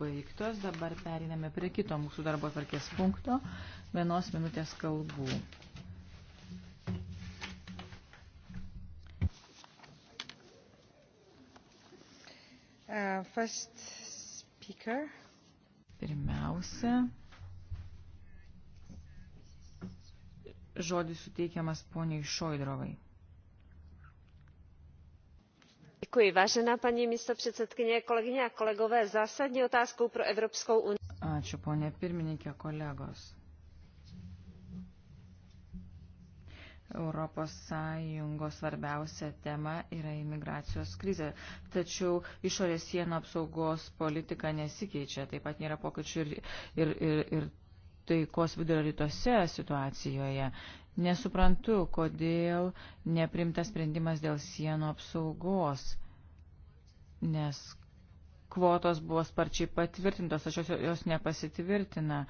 baigtos. Dabar periname prie kito mūsų darbo tvarkės punkto. Vienos minutės kalbų. Uh, first speaker. Pirmiausia, žodis suteikiamas poniai Šoidrovai. vážená paní místopředsedkyně kolegyně a kolegové zásadní otázkou pro evropskou unii. ačiū pone pirmininke kolegos. Europos Sąjungos svarbiausia tema yra imigracijos krizė. Tačiau išorės sienų apsaugos politika nesikeičia, taip pat nėra pokyčių ir, ir, ir, ir taikos vidurio rytuose situacijoje. Nesuprantu, kodėl neprimtas sprendimas dėl sienų apsaugos nes kvotos buvo sparčiai patvirtintos, tačiau jos nepasitvirtina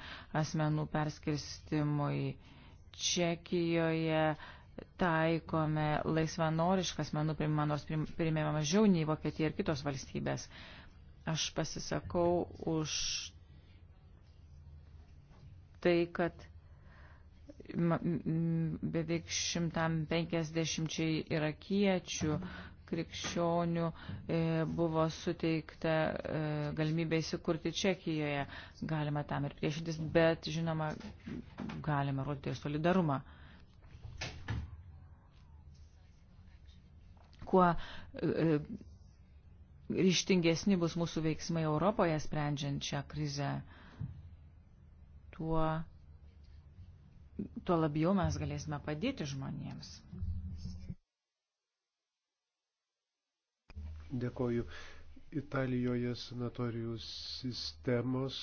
asmenų perskirstimui. Čekijoje taikome laisvanorišką asmenų priimimą, nors priimėme mažiau nei Vokietija ir kitos valstybės. Aš pasisakau už tai, kad beveik 150 irakiečių krikščionių e, buvo suteikta e, galimybė įsikurti Čekijoje. Galima tam ir priešintis, bet žinoma, galima rodyti ir solidarumą. Kuo e, ryštingesni bus mūsų veiksmai Europoje sprendžiant šią krizę, tuo, tuo labiau mes galėsime padėti žmonėms. Dėkoju. Italijoje sanatorijų sistemos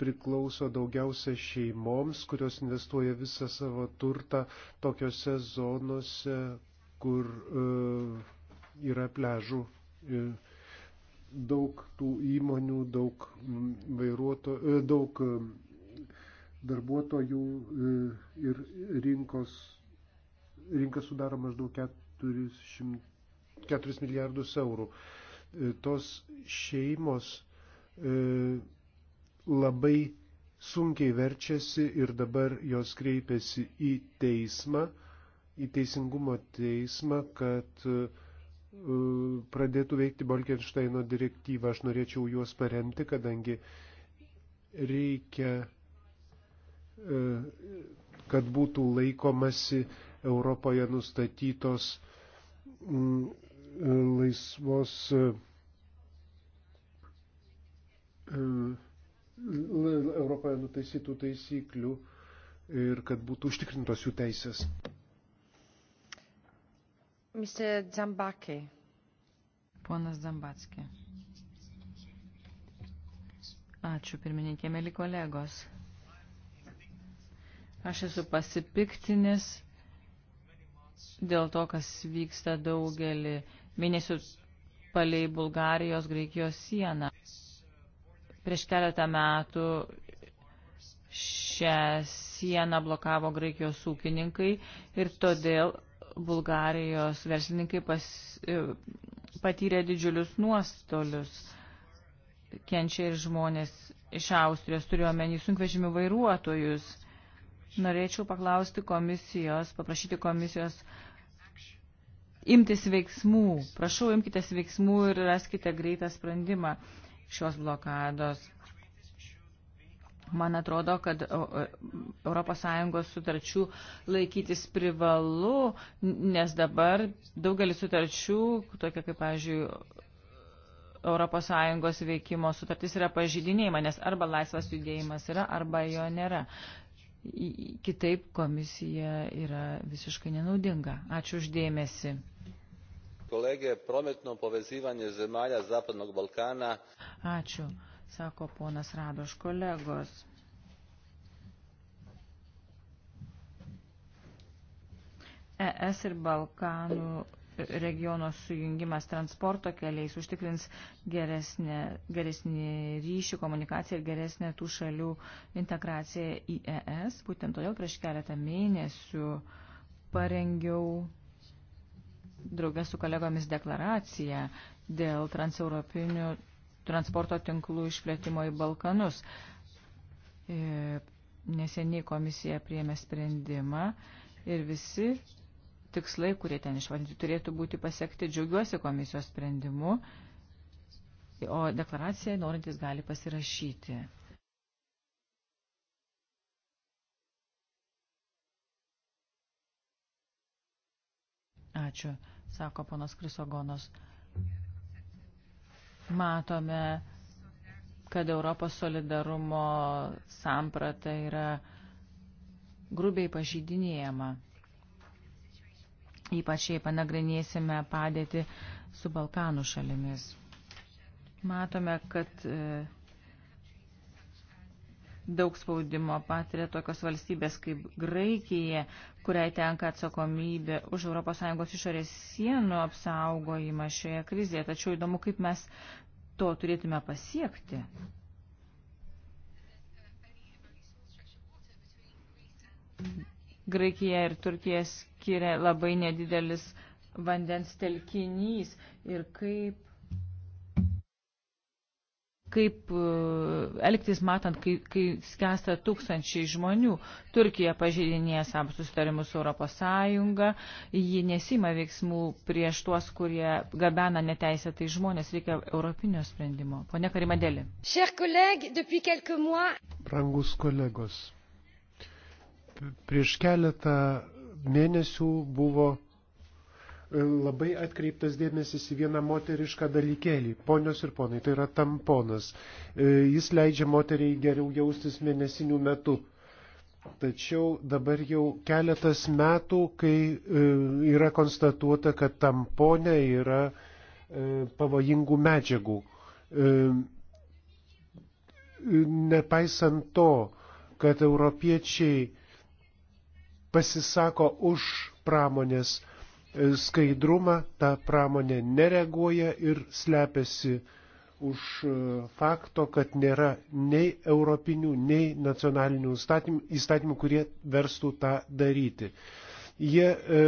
priklauso daugiausia šeimoms, kurios investuoja visą savo turtą tokiose zonose, kur e, yra pležų. E, daug tų įmonių, daug, vairuoto, e, daug e, darbuotojų e, ir rinkos, rinka sudaro maždaug 400 4 milijardus eurų. E, tos šeimos e, labai sunkiai verčiasi ir dabar jos kreipiasi į teismą, į teisingumo teismą, kad e, pradėtų veikti Bolkensteino direktyvą. Aš norėčiau juos paremti, kadangi reikia, kad būtų laikomasi Europoje nustatytos laisvos e, e, Europoje nutaisytų taisyklių ir kad būtų užtikrintos jų teisės. Mr. Zambakė. Ponas Zambatskė. Ačiū, pirmininkė, mėly kolegos. Aš esu pasipiktinis dėl to, kas vyksta daugelį mėnesius palei Bulgarijos Graikijos sieną. Prieš keletą metų šią sieną blokavo Graikijos ūkininkai ir todėl Bulgarijos verslininkai pas, e, patyrė didžiulius nuostolius. Kenčia ir žmonės iš Austrijos, turiuomenį sunkvežimių vairuotojus. Norėčiau paklausti komisijos, paprašyti komisijos uh, imtis veiksmų. Prašau, imkitės veiksmų ir raskite greitą sprendimą šios blokados. Man atrodo, kad ES sutarčių laikytis privalu, nes dabar daugelis sutarčių, tokia kaip, pavyzdžiui, ES veikimo sutartis yra pažydinėjama, nes arba laisvas judėjimas yra, arba jo nėra. Kitaip komisija yra visiškai nenaudinga. Ačiū uždėmesi. Kolegė, prometno povezivanje zemalja Zapadnog Balkana. Ačiū, sako ponas Radoš kolegos. ES ir Balkanų regiono sujungimas transporto keliais užtikrins geresnė, geresnį ryšį, komunikaciją ir geresnę tų šalių integraciją į ES. Būtent todėl prieš keletą mėnesių parengiau draugės su kolegomis deklaraciją dėl transeuropinių transporto tinklų išplėtimo į Balkanus. E, neseniai komisija priėmė sprendimą ir visi tikslai, kurie ten išvardyti, turėtų būti pasiekti. Džiaugiuosi komisijos sprendimu, o deklaraciją norintis gali pasirašyti. Ačiū, sako ponas Krisogonos. Matome, kad Europos solidarumo samprata yra grubiai pažydinėjama ypač jei panagrinėsime padėti su Balkanų šalimis. Matome, kad e, daug spaudimo patiria tokios valstybės kaip Graikija, kuriai tenka atsakomybė už ES išorės sienų apsaugojimą šioje krizėje. Tačiau įdomu, kaip mes to turėtume pasiekti. Mm. Graikija ir Turkija skiria labai nedidelis vandens telkinys ir kaip kaip e, elgtis matant, kai, kai skęsta tūkstančiai žmonių. Turkija pažydinėja savo susitarimus su Europos Sąjunga, ji nesima veiksmų prieš tuos, kurie gabena neteisėtai žmonės, reikia europinio sprendimo. Pone Karimadėlė. Brangus kolegos, Prieš keletą mėnesių buvo e, labai atkreiptas dėmesys į vieną moterišką dalykėlį. Ponios ir ponai, tai yra tamponas. E, jis leidžia moteriai geriau jaustis mėnesinių metų. Tačiau dabar jau keletas metų, kai e, yra konstatuota, kad tampone yra pavojingų medžiagų. Nepaisant to, kad europiečiai pasisako už pramonės e, skaidrumą, ta pramonė nereaguoja ir slepiasi už e, fakto, kad nėra nei europinių, nei nacionalinių įstatymų, įstatymų kurie verstų tą daryti. Jie e,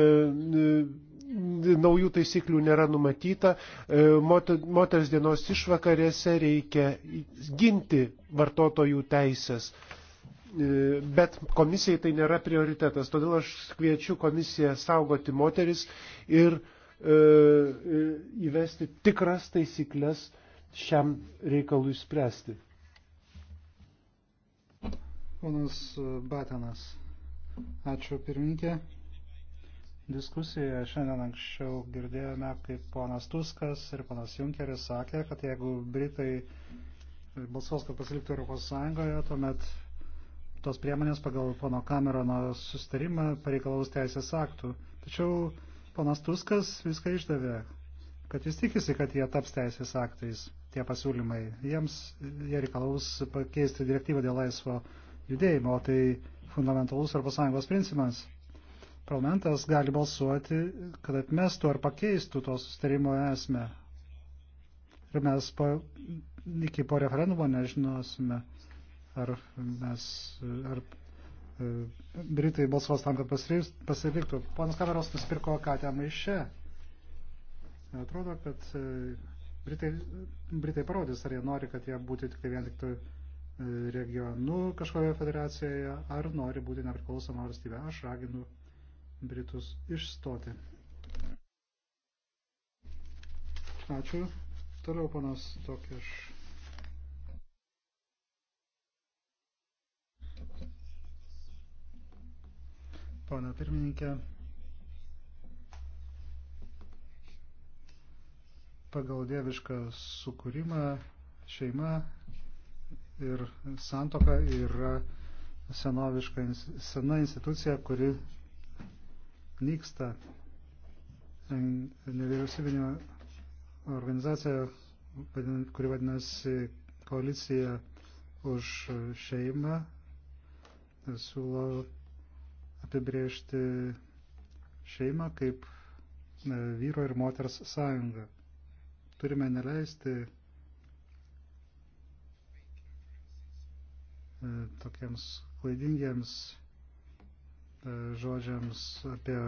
naujų taisyklių nėra numatyta. E, moters dienos išvakarėse reikia ginti vartotojų teisės. E, bet komisijai tai nėra prioritetas. Todėl aš kviečiu komisiją saugoti moteris ir e, e, įvesti tikras taisyklės šiam reikalui spręsti. Ponas Batanas, ačiū pirmininkė. Diskusijoje šiandien anksčiau girdėjome, kaip ponas Tuskas ir ponas Junkeris sakė, kad jeigu Britai balsuos, kad pasiliktų Europos Sąjungoje, tuomet tos priemonės pagal pono Kamerono sustarimą pareikalaus teisės aktų. Tačiau ponas Tuskas viską išdavė, kad jis tikisi, kad jie taps teisės aktais, tie pasiūlymai. Jiems jie reikalaus pakeisti direktyvą dėl laisvo judėjimo, o tai fundamentalus Europos Sąjungos principas. Parlamentas gali balsuoti, kad atmestų ar pakeistų to sustarimo esmę. Ir mes po, iki po referendumo nežinosime, ar mes, ar e, Britai balsuos tam, kad pasiliktų. Ponas Kameros nusipirko katę maiše. Atrodo, kad e, Britai, Britai parodys, ar jie nori, kad jie būtų tik tai vien tik e, regionu kažkoje federacijoje, ar nori būti nepriklausoma valstybė. Aš raginu Britus išstoti. Ačiū. Toliau panas Tokiš. ponė pirmininkė. Pagal dievišką sukūrimą šeima ir santoka yra senoviška, sena institucija, kuri nyksta. Nevyriausybinė organizacija, kuri vadinasi koalicija už šeimą, siūlo apibriežti šeimą kaip e, vyro ir moters sąjungą. Turime neleisti e, tokiems klaidingiems e, žodžiams apie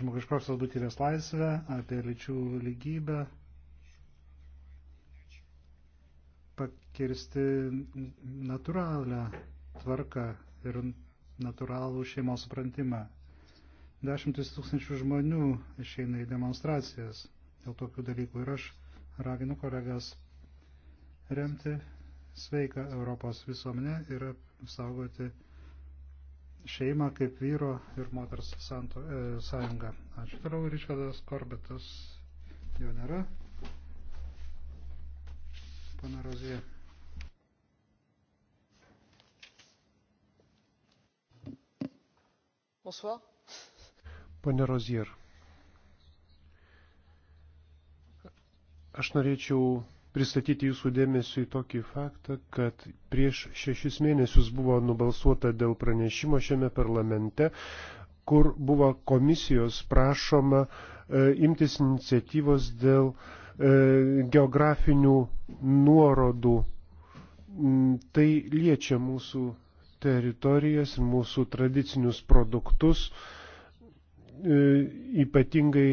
žmogiškosios būtybės laisvę, apie lyčių lygybę, pakirsti natūralią tvarką ir natūralų šeimos suprantimą. Dešimtis tūkstančių žmonių išeina į demonstracijas dėl tokių dalykų ir aš raginu kolegas remti sveiką Europos visuomenę ir saugoti šeimą kaip vyro ir moters santo, e, sąjungą. Ačiū toliau, Ričardas Korbetas jo nėra. Pana Rozija. Bonsoir. Pane Rozier. Aš norėčiau pristatyti jūsų dėmesį į tokį faktą, kad prieš šešis mėnesius buvo nubalsuota dėl pranešimo šiame parlamente, kur buvo komisijos prašoma e, imtis iniciatyvos dėl e, geografinių nuorodų. Tai liečia mūsų teritorijas ir mūsų tradicinius produktus, e, ypatingai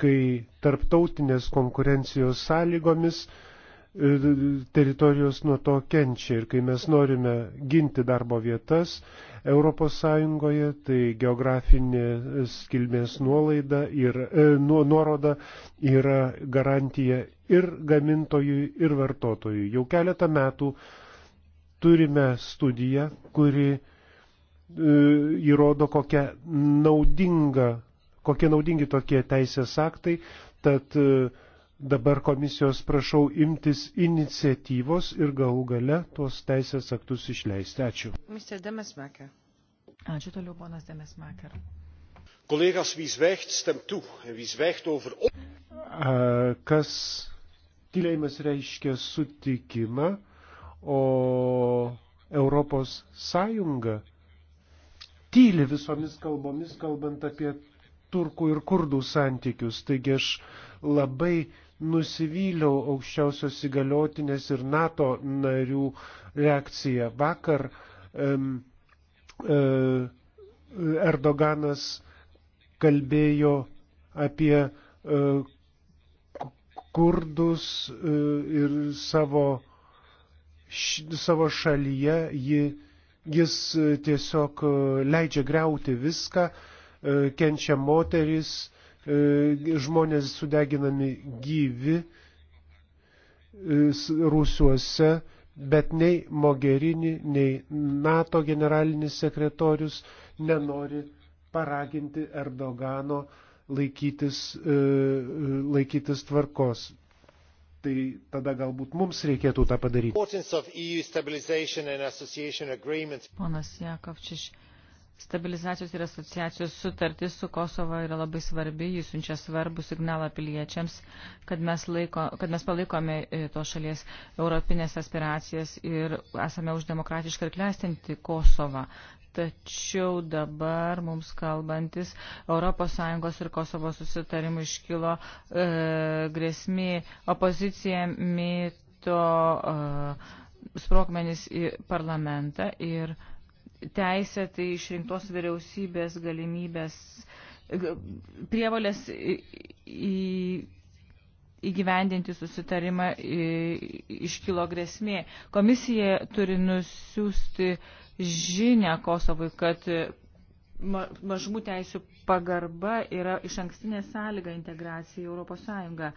kai tarptautinės konkurencijos sąlygomis e, teritorijos nuo to kenčia ir kai mes norime ginti darbo vietas ES, tai geografinės kilmės nuolaida ir nu, nuoroda yra garantija ir gamintojui, ir vartotojui. Jau keletą metų uh, turime studiją, kuri e, įrodo, kokia naudinga, kokie naudingi tokie teisės aktai, tad e, dabar komisijos prašau imtis iniciatyvos ir galų gale tuos teisės aktus išleisti. Ačiū. Mr. Demesmaker. Ačiū toliau, ponas Demesmaker. Kolegas, wie zwijgt, stemt toe. En wie zwijgt over. Kas tylėjimas reiškia sutikimą, o Europos Sąjunga tyli visomis kalbomis, kalbant apie turkų ir kurdų santykius. Taigi aš labai nusivyliau aukščiausios įgaliotinės ir NATO narių reakciją. Vakar um, e, e, Erdoganas kalbėjo apie e, kurdus e, ir savo e, š, savo šalyje ji, jis e, tiesiog e, leidžia greuti viską, e, kenčia moteris, žmonės sudeginami gyvi rūsiuose, bet nei Mogherini, nei NATO generalinis sekretorius nenori paraginti Erdogano laikytis, laikytis tvarkos tai tada galbūt mums reikėtų tą padaryti. E Ponas Jakovčiš, stabilizacijos ir asociacijos sutartis su Kosovo yra labai svarbi, jis siunčia svarbų signalą piliečiams, kad mes, laiko, kad mes palaikome e, to šalies europinės aspiracijas ir esame už demokratišką ir klestinti Kosovą. Tačiau dabar mums kalbantis ES ir Kosovo susitarimų iškilo e, grėsmė. Opozicija mėto e, sprokmenis į parlamentą ir teisė tai išrinktos vyriausybės galimybės e, prievalės į, į, įgyvendinti susitarimą į, e, iškilo grėsmė. Komisija turi nusiųsti e, žinę Kosovui, kad mažumų teisų pagarba yra iš ankstinė sąlyga integracija į Europos Sąjungą.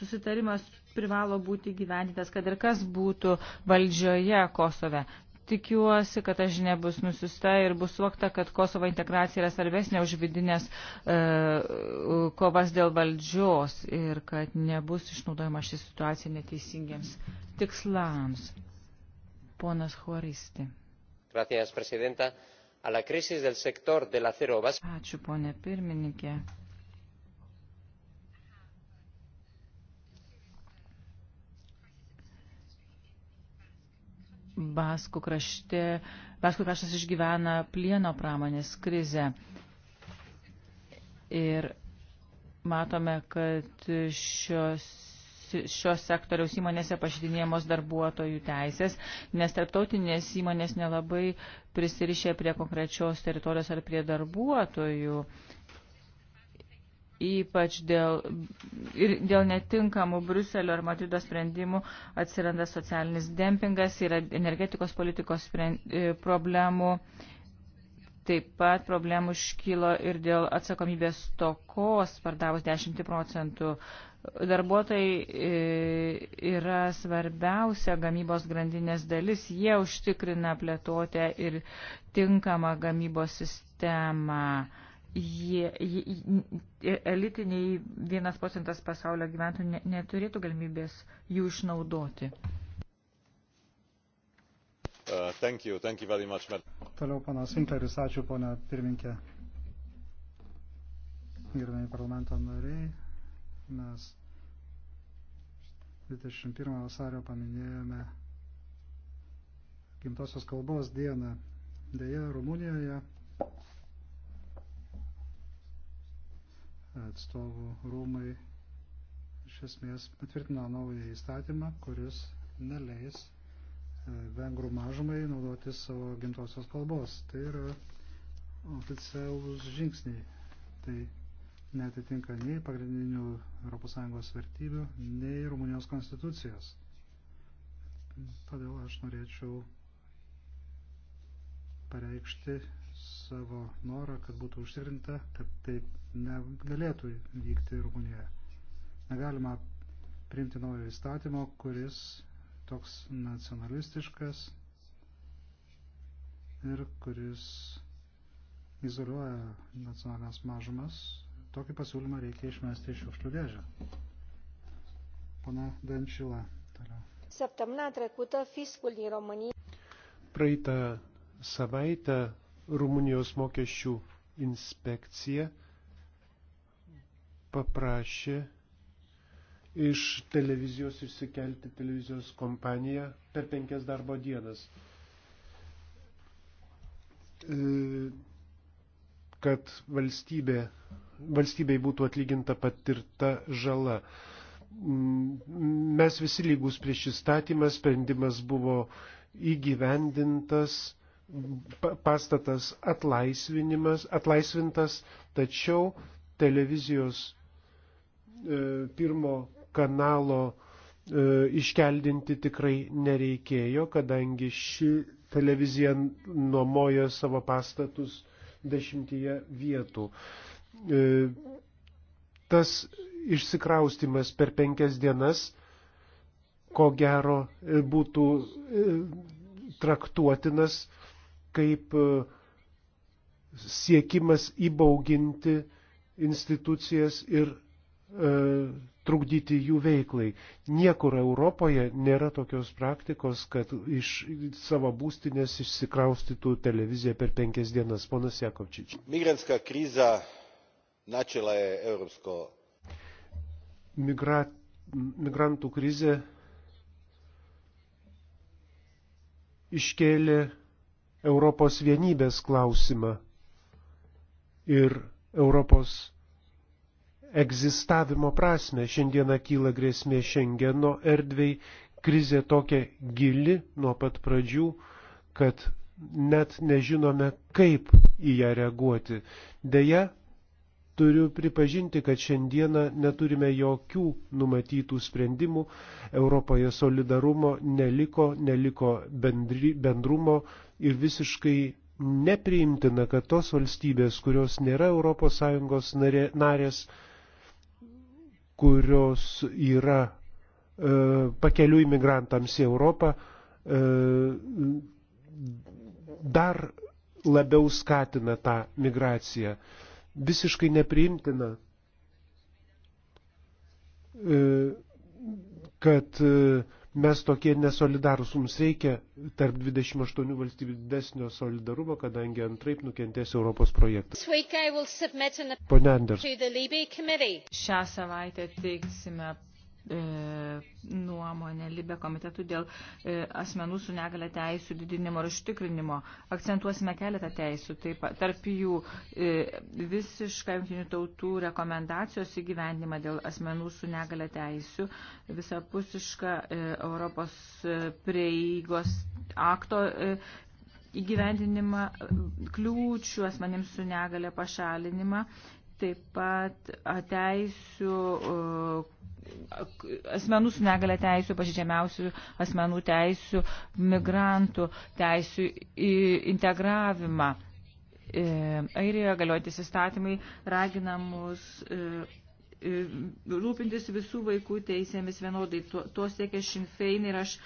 Susitarimas privalo būti gyventytas, kad ir kas būtų valdžioje Kosove. Tikiuosi, kad ta žinia bus nusista ir bus suvokta, kad Kosovo integracija yra svarbesnė už vidinės e, kovas dėl valdžios ir kad nebus išnaudojama ši situacija neteisingiems tikslams. Ponas Horisti señora presidenta a la crisis del sector del acero básico. ačiū pone pirmininke. Baskų krašte, Baskų kraštas išgyvena plieno pramonės krizę. Ir matome, kad šios šios sektoriaus įmonėse pažydinėjamos darbuotojų teisės, nes tarptautinės įmonės nelabai prisirišė prie konkrečios teritorijos ar prie darbuotojų. Ypač dėl, ir dėl netinkamų Bruselio ar Madrido sprendimų atsiranda socialinis dempingas, yra energetikos politikos sprend, e, problemų. Taip pat problemų iškylo ir dėl atsakomybės tokos pardavus 10 procentų Darbuotojai e, yra svarbiausia gamybos grandinės dalis, jie užtikrina plėtotę ir tinkamą gamybos sistemą. Jie, jie, elitiniai vienas procentas pasaulio gyventojų ne, neturėtų galimybės jų išnaudoti. Uh, thank you, thank you very much, Toliau panas Winkleris, ačiū ponia pirminkė. Gerbėjai parlamento nariai mes 21 vasario paminėjome gimtosios kalbos dieną. Deja, Rumunijoje atstovų rūmai iš esmės patvirtino naują įstatymą, kuris neleis e, vengrų mažumai naudoti savo gimtosios kalbos. Tai yra oficialūs žingsniai. Tai netitinka nei pagrindinių ES vertybių, nei Rumunijos konstitucijos. Todėl aš norėčiau pareikšti savo norą, kad būtų užtikrinta, kad taip negalėtų vykti Rumunijoje. Negalima priimti naujo įstatymo, kuris toks nacionalistiškas ir kuris izoliuoja nacionalinės mažumas Tokį pasiūlymą reikia išmesti iš šiukšlių dėžę. Pana Dančila. Săptămâna trecută, fiscul din România. Praeitą savaitę Rumunijos mokesčių inspekcija paprašė iš televizijos išsikelti televizijos kompaniją per penkias darbo dienas. E, kad valstybė valstybei būtų atlyginta patirta žala. Mm, mes visi lygus prieš įstatymą, sprendimas buvo įgyvendintas, pastatas atlaisvintas, tačiau televizijos e, pirmo kanalo e, iškeldinti tikrai nereikėjo, kadangi ši televizija nuomojo savo pastatus dešimtyje vietų. E, tas išsikraustimas per penkias dienas, ko gero, e, būtų e, traktuotinas kaip siekimas įbauginti institucijas ir trukdyti jų veiklai. Niekur Europoje nėra tokios praktikos, kad iš savo būstinės išsikraustytų televizija per penkias dienas. Ponas Jakovčič. Migranska kriza načela je europsko. Migra, migrantų krizė iškėlė Europos vienybės klausimą ir Europos egzistavimo prasme. Šiandieną kyla grėsmė Šengeno erdvėj, krizė tokia gili nuo pat pradžių, kad net nežinome, kaip į ją reaguoti. Deja, Turiu pripažinti, kad šiandieną neturime jokių numatytų sprendimų. Europoje solidarumo neliko, neliko bendri, bendrumo ir visiškai nepriimtina, kad tos valstybės, kurios nėra ES narė, narės, kurios yra e, pakelių imigrantams į Europą, e, dar labiau skatina tą migraciją. E, visiškai nepriimtina, e, kad e, mes tokie nesolidarūs. Mums reikia tarp 28 valstybių didesnio solidarumo, kadangi antraip nukentės Europos projektas. Pone Anders. Šią savaitę teiksime E, nuomonę Libe komitetų dėl e, asmenų su negale teisų didinimo ir užtikrinimo. Akcentuosime keletą teisų, taip, tarp jų e, visišką jungtinių tautų rekomendacijos įgyvendimą dėl asmenų su negale teisų, visapusišką Europos prieigos akto įgyvendinimą, kliūčių asmenims su negale pašalinimą, taip pat teisių asmenų su negale teisų, pažydžiamiausių asmenų teisų, migrantų teisų integravimą. E, Airijoje galiojantis įstatymai ragina mus e, e, rūpintis visų vaikų teisėmis vienodai. To, to siekia Šinfein ir aš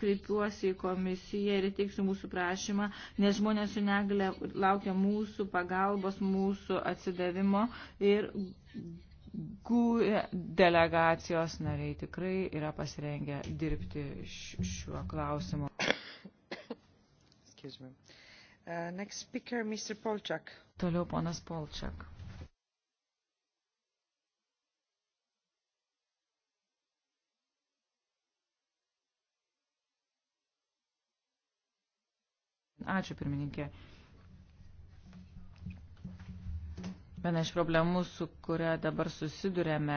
kreipiuosi į komisiją ir teiksiu mūsų prašymą, nes žmonės su negale laukia mūsų pagalbos, mūsų atsidavimo ir GUE delegacijos nariai tikrai yra pasirengę dirbti šiuo klausimu. Uh, next speaker, Mr. Polčak. Toliau ponas Polčak. Ačiū pirmininkė. Uh, Viena iš problemų, su kuria dabar susidurėme,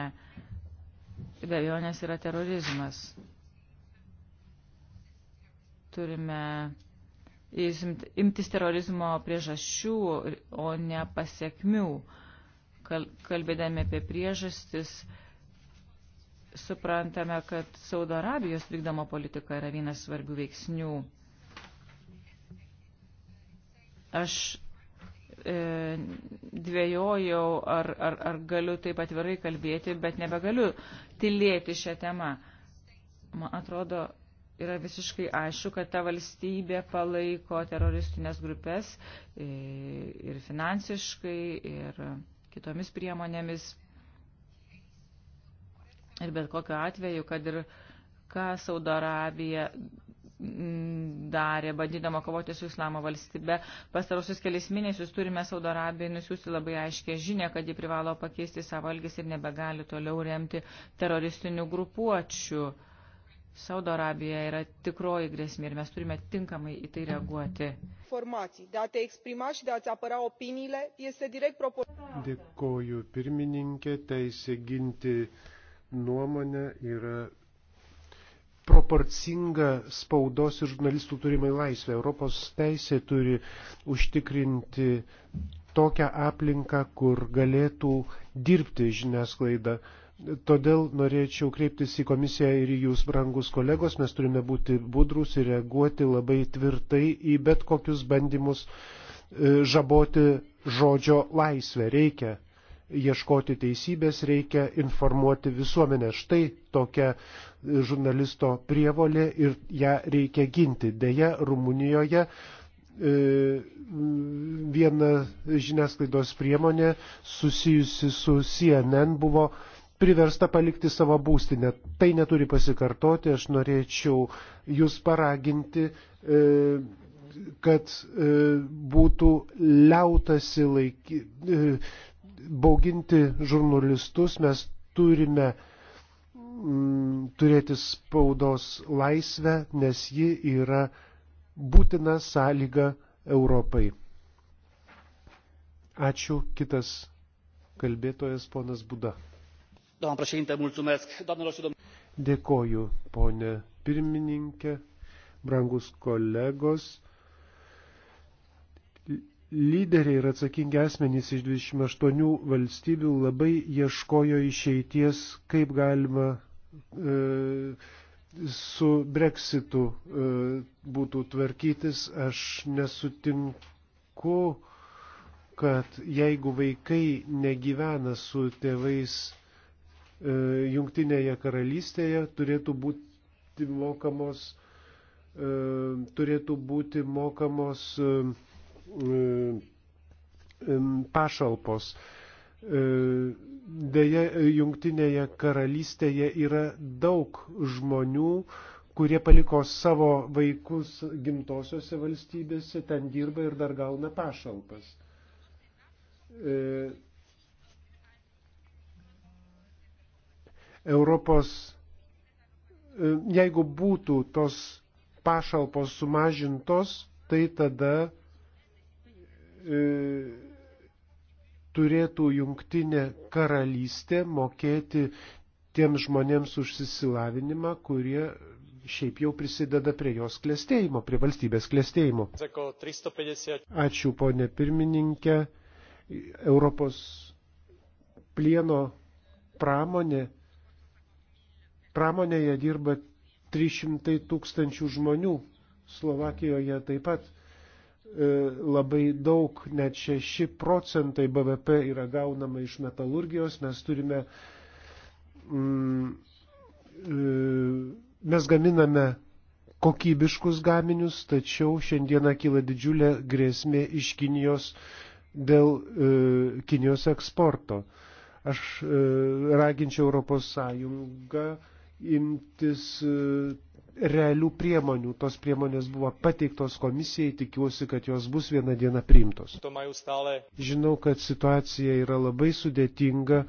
be abejonės yra terorizmas. Turime imtis terorizmo priežasčių, o ne pasiekmių. Kalbėdami apie priežastis, suprantame, kad Saudo Arabijos vykdoma politika yra vienas svarbių veiksnių. Aš e, dvėjojau, ar, ar, ar galiu taip atvirai kalbėti, bet nebegaliu tylėti šią temą. Man atrodo, yra visiškai aišku, kad ta valstybė palaiko teroristinės grupės e, ir finansiškai, ir kitomis priemonėmis. Ir bet kokiu atveju, kad ir ką Saudo Arabija darė, bandydama kovoti su Islamo valstybe. Pastarosius kelias mėnesius turime Saudo Arabijai nusiųsti labai aiškę žinę, kad ji privalo pakeisti savo elgesį ir nebegali toliau remti teroristinių grupuočių. Saudo Arabija yra tikroji grėsmė ir mes turime tinkamai į tai reaguoti. Informacijai, de a te exprima și de a-ți apăra opiniile este direct proporțională. Dėkoju pirmininkė, teisė ginti nuomonę yra proporcinga spaudos ir žurnalistų turimai laisvė. Europos teisė turi užtikrinti tokią aplinką, kur galėtų dirbti žiniasklaida. Todėl norėčiau kreiptis į komisiją ir į jūs, brangus kolegos, mes turime būti budrus ir reaguoti labai tvirtai į bet kokius bandymus e, žaboti žodžio laisvę. Reikia ieškoti teisybės, reikia informuoti visuomenę. Štai tokia e, žurnalisto prievolė ir ją reikia ginti. Deja, Rumunijoje e, viena žiniasklaidos priemonė susijusi su CNN buvo priversta palikti savo būstinę. Tai neturi pasikartoti, aš norėčiau jūs paraginti, e, kad būtų liautasi laikyti bauginti žurnalistus, mes turime mm, turėti spaudos laisvę, nes ji yra būtina sąlyga Europai. Ačiū. Kitas kalbėtojas ponas Buda. Doamna președinte, mulțumesc. Doamnelor și domnilor. Dėkoju, ponė pirmininkė, brangus kolegos lyderiai ir atsakingi asmenys iš 28 valstybių labai ieškojo išeities, kaip galima e, su breksitu e, būtų tvarkytis. Aš nesutinku, kad jeigu vaikai negyvena su tėvais e, jungtinėje karalystėje, turėtų būti mokamos, e, turėtų būti mokamos e, E, pašalpos. E, deja, jungtinėje karalystėje yra daug žmonių, kurie paliko savo vaikus gimtosiose valstybėse, ten dirba ir dar gauna pašalpas. E, Europos, jeigu būtų tos pašalpos sumažintos, tai tada E, turėtų jungtinė karalystė mokėti tiems žmonėms už įsilavinimą, kurie šiaip jau prisideda prie jos klėstėjimo, prie valstybės klėstėjimo. Ačiū, ponė pirmininkė. Europos plieno pramonė, pramonėje dirba 300 tūkstančių žmonių, Slovakijoje taip pat E, labai daug, net 6 procentai BVP yra gaunama iš metalurgijos, mes turime, mm, e, mes gaminame kokybiškus gaminius, tačiau šiandieną kyla didžiulė grėsmė iš Kinijos dėl e, Kinijos eksporto. Aš raginčiau Europos Sąjungą imtis realių priemonių. Tos priemonės buvo pateiktos komisijai, tikiuosi, kad jos bus vieną dieną priimtos. Žinau, kad situacija yra labai sudėtinga.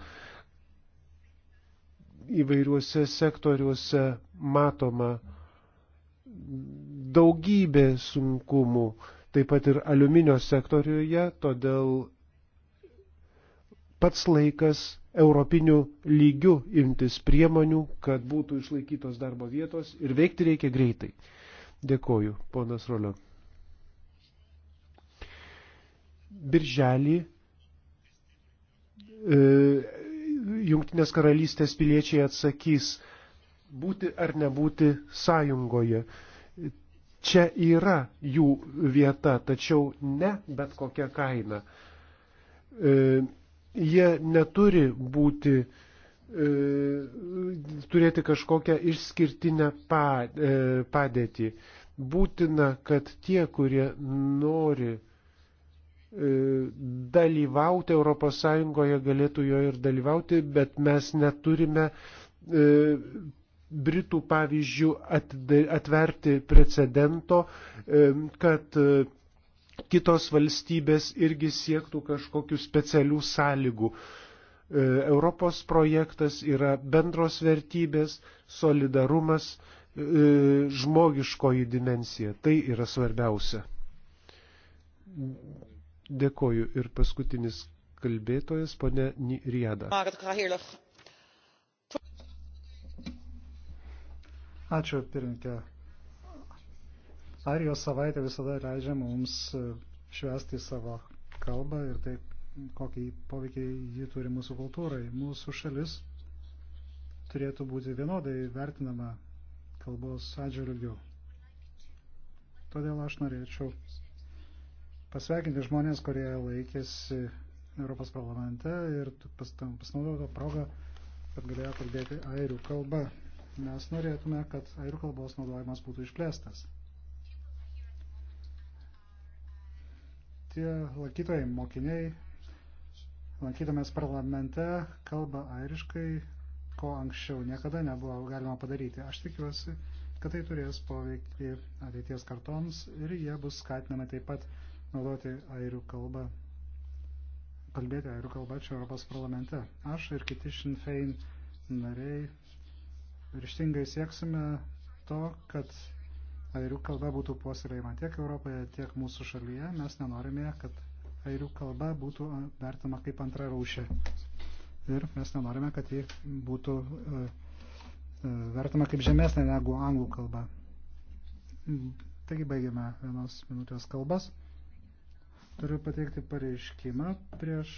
Įvairiuose sektoriuose matoma daugybė sunkumų, taip pat ir aliuminio sektoriuje, todėl pats laikas europinių lygių imtis priemonių, kad būtų išlaikytos darbo vietos ir veikti reikia greitai. Dėkoju, ponas Rolio. Birželį e, Jungtinės karalystės piliečiai atsakys būti ar nebūti sąjungoje. Čia yra jų vieta, tačiau ne bet kokia kaina. E, jie neturi būti, e, turėti kažkokią išskirtinę e, padėtį. Būtina, kad tie, kurie nori e, dalyvauti ES, galėtų jo ir dalyvauti, bet mes neturime e, Britų pavyzdžių atverti precedento, e, kad kitos valstybės irgi siektų kažkokių specialių sąlygų. E, Europos projektas yra bendros vertybės, solidarumas, e, žmogiškoji dimensija. Tai yra svarbiausia. Dėkoju. Ir paskutinis kalbėtojas, ponė Rieda. Ačiū, pirmininkė. Arijos savaitė visada leidžia mums e, švesti savo kalbą ir tai, kokį poveikį ji turi mūsų kultūrai. Mūsų šalis turėtų būti vienodai vertinama kalbos atžvilgiu. Todėl aš norėčiau pasveikinti žmonės, kurie laikėsi Europos parlamente ir pasinaudojo progą, kad galėjo kalbėti airių kalbą. Mes norėtume, kad airių kalbos naudojimas būtų išplėstas. tie lankytojai, mokiniai, lankydomės parlamente, kalba airiškai, ko anksčiau niekada nebuvo galima padaryti. Aš tikiuosi, kad tai turės poveikti ateities kartoms ir jie bus skatinami taip pat naudoti airių kalbą, kalbėti airių kalbą čia Europos parlamente. Aš ir kiti Sinn Fein nariai ryštingai sieksime to, kad airių kalba būtų puoselėjama tiek Europoje, tiek mūsų šalyje. Mes nenorime, kad airių kalba būtų vertama kaip antra rūšė. Ir mes nenorime, kad ji būtų vertama kaip žemesnė negu anglų kalba. Taigi baigiame vienos minutės kalbas. Turiu pateikti pareiškimą prieš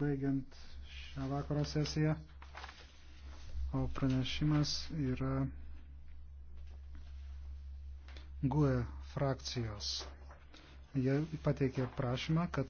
baigiant šią vakaro sesiją. O pranešimas yra GUE frakcijos. Jie pateikė prašymą, kad